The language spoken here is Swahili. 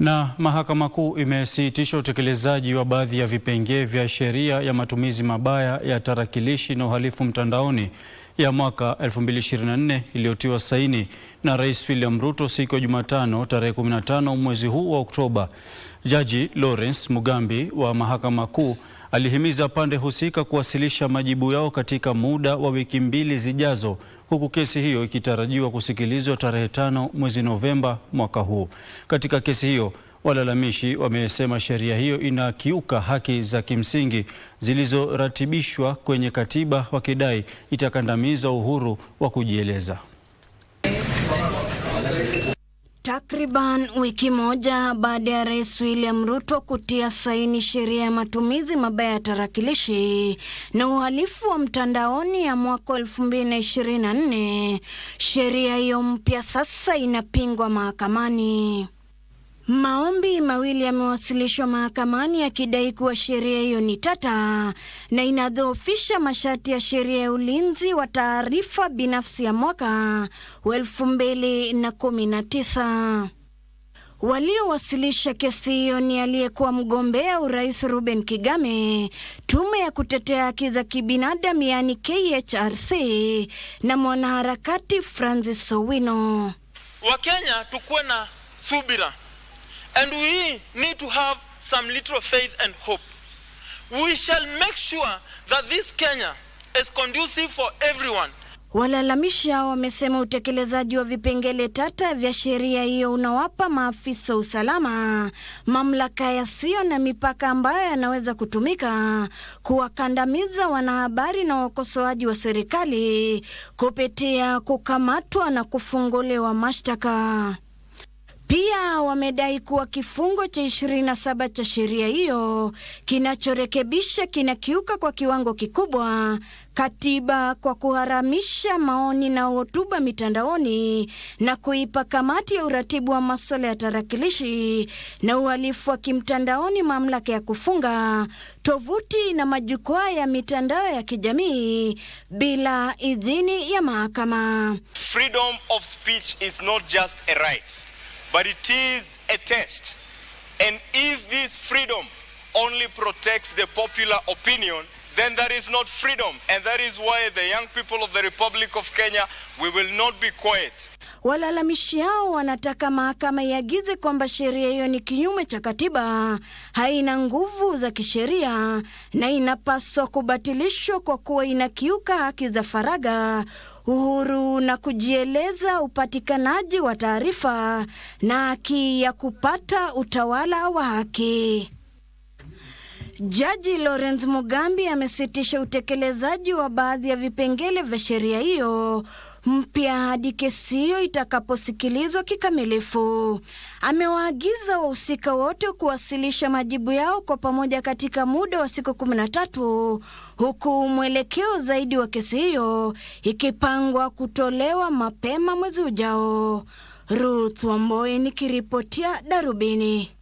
Na Mahakama Kuu imesitisha utekelezaji wa baadhi ya vipengee vya sheria ya matumizi mabaya ya tarakilishi na uhalifu mtandaoni ya mwaka 2024 iliyotiwa saini na Rais William Ruto siku ya Jumatano tarehe 15 mwezi huu wa Oktoba. Jaji Lawrence Mugambi wa Mahakama Kuu Alihimiza pande husika kuwasilisha majibu yao katika muda wa wiki mbili zijazo, huku kesi hiyo ikitarajiwa kusikilizwa tarehe tano mwezi Novemba mwaka huu. Katika kesi hiyo walalamishi wamesema sheria hiyo inakiuka haki za kimsingi zilizoratibishwa kwenye katiba, wakidai itakandamiza uhuru wa kujieleza. Takriban wiki moja baada ya Rais William Ruto kutia saini sheria ya matumizi mabaya ya tarakilishi na uhalifu wa mtandaoni ya mwaka 2024, sheria hiyo mpya sasa inapingwa mahakamani. Maombi mawili yamewasilishwa mahakamani yakidai kuwa sheria hiyo ni tata na inadhoofisha masharti ya sheria ya ulinzi wa taarifa binafsi ya mwaka wa Waliowasilisha kesi hiyo ni aliyekuwa mgombea urais Ruben Kigame, tume ya kutetea haki za kibinadamu yaani KHRC na mwanaharakati Francis Owino. Wakenya tukuwe na subira And we need to have some little faith and hope. We shall make sure that this Kenya is conducive for everyone. Walalamishi hao wamesema utekelezaji wa vipengele tata vya sheria hiyo unawapa maafisa usalama mamlaka yasiyo na mipaka ambayo yanaweza kutumika kuwakandamiza wanahabari na wakosoaji wa serikali kupitia kukamatwa na kufungulewa mashtaka wamedai kuwa kifungo cha 27 cha sheria hiyo kinachorekebisha kinakiuka kwa kiwango kikubwa katiba kwa kuharamisha maoni na hotuba mitandaoni na kuipa kamati ya uratibu wa masuala ya tarakilishi na uhalifu wa kimtandaoni mamlaka ya kufunga tovuti na majukwaa ya mitandao ya kijamii bila idhini ya mahakama. Freedom of speech is not just a right but it is a test. And if this freedom only protects the popular opinion, then that is not freedom. And that is why the young people of the Republic of Kenya, we will not be quiet. Walalamishi hao wanataka mahakama iagize kwamba sheria hiyo ni kinyume cha katiba, haina nguvu za kisheria na inapaswa kubatilishwa kwa kuwa inakiuka haki za faragha uhuru na kujieleza, upatikanaji wa taarifa na haki ya kupata utawala wa haki. Jaji Lawrence Mugambi amesitisha utekelezaji wa baadhi ya vipengele vya sheria hiyo mpya hadi kesi hiyo itakaposikilizwa kikamilifu. Amewaagiza wahusika wote kuwasilisha majibu yao kwa pamoja katika muda wa siku tatu huku mwelekeo zaidi wa kesi hiyo ikipangwa kutolewa mapema mwezi ujao. Ruth Wamboi nikiripotia Darubini.